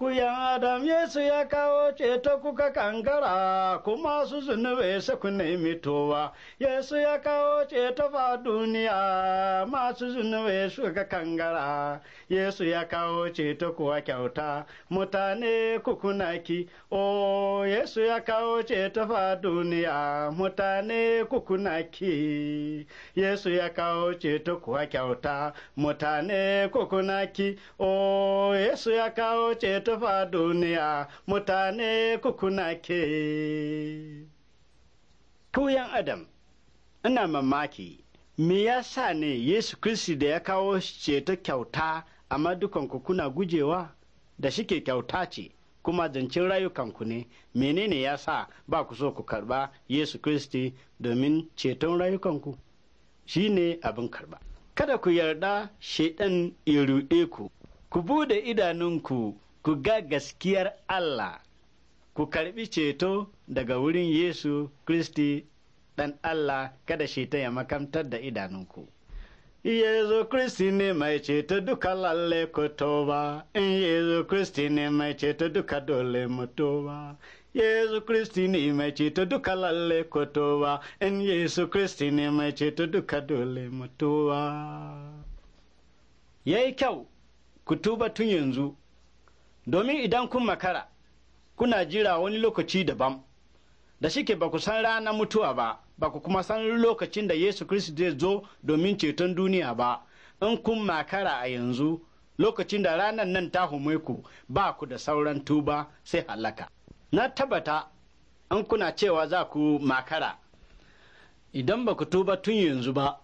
ku yan adam Yesu ya kawo ceto kuka kankara, kuma su zunube su ku nemi towa. Yesu ya kawo ceto fa duniya, masu zunube su ka kankara. Yesu ya kawo ceto kuwa kyauta, mutane kukunaki. O, Yesu ya kawo ceto fa duniya, mutane kukunaki. Yesu ya kawo ceto kuwa kyauta, mutane kukunaki. O, Yesu ya kawo ceto tafa duniya mutane kukuna ke. Kuyan Adam, ina mamaki, me ya sa ne Yesu Kristi da ya kawo ceto kyauta amma dukanku kuna gujewa da shike kyauta ce kuma zancen rayukanku ne, menene ya sa ba ku so ku karba Yesu Kristi domin ceton rayukanku? Shi ne abin karba. Kada ku yarda shaiɗan ya ruɗe ku. ku bude idanunku ku ga gaskiyar Allah, ku karɓi ceto daga wurin Yesu Kristi ɗan Allah kada shi ta ya makamtar da idanunku. Yezu Kristi ne mai ceto duka lalle ku toba, in Yezu Kristi ne mai ceto duka dole mu toba. Yesu Kristi ne mai ceto duka lalle ku toba, in Yesu Kristi ne mai ceto duka dole mu toba. Yayi kyau, ku tuba tun yanzu. domin idan kun makara kuna jira wani lokaci daban da shike ba ku san ranar mutuwa ba ba ku kuma san lokacin da yesu kristi zai zo domin ceton duniya ba in kun makara a yanzu lokacin da ranar nan ta hume ku ba ku da sauran tuba sai halaka na tabbata in kuna cewa za ku makara idan ba ku tuba tun yanzu ba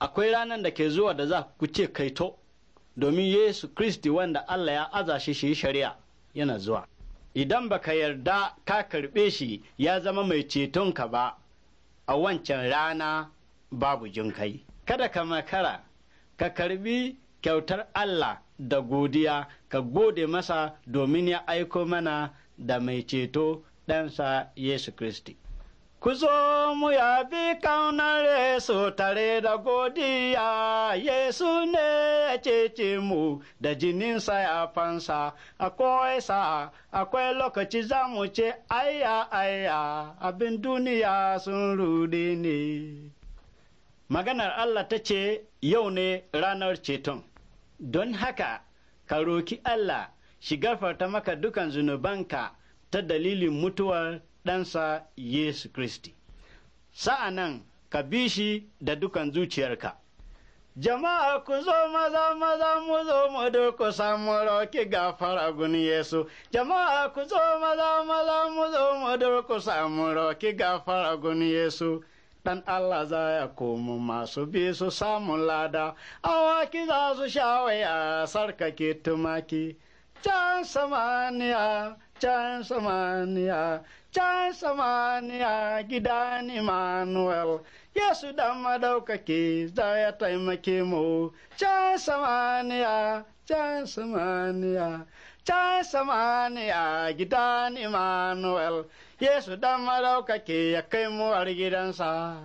akwai ranar da ke zuwa da za ku ce kaito domin Yesu Kristi wanda Allah ya aza shi shi shari'a yana zuwa. Idan baka yarda ka karɓe shi ya zama mai cetonka ba a wancan rana babu jin kai. Kada ka makara, ka karbi kyautar Allah da godiya, ka gode masa domin ya aiko mana da mai ceto ɗansa Yesu Kristi. Ku zo mu yabi kaunar su tare da godiya, Yesu ne ya cece mu da jininsa ya fansa, akwai sa, akwai lokaci za mu ce, Aya, aya, abin duniya sun rudi ne. Maganar Allah ta ce, Yau ne ranar ceton, don haka, ka roki Allah, shi gafarta maka dukan zunubanka ta dalilin mutuwar ɗansa Yesu Kristi. Sa'a nan ka bi shi da dukan zuciyarka. Jama'a ku zo maza maza mu zo mu durkusa mu roki gafara guni Yesu. Jama'a ku zo maza maza mu zo mu durkusa mu roki gafara guni Yesu. Dan Allah za ya komo masu bi su samun lada, awaki za su sha waya sarkake tumaki. can samaniya can samaniya can samaniya gidan Emmanuel. Yesu dan madaukaki za ya taimake mu can samaniya can samaniya can samaniya gidan Emmanuel. Yesu dan madaukaki ya kai mu har gidansa.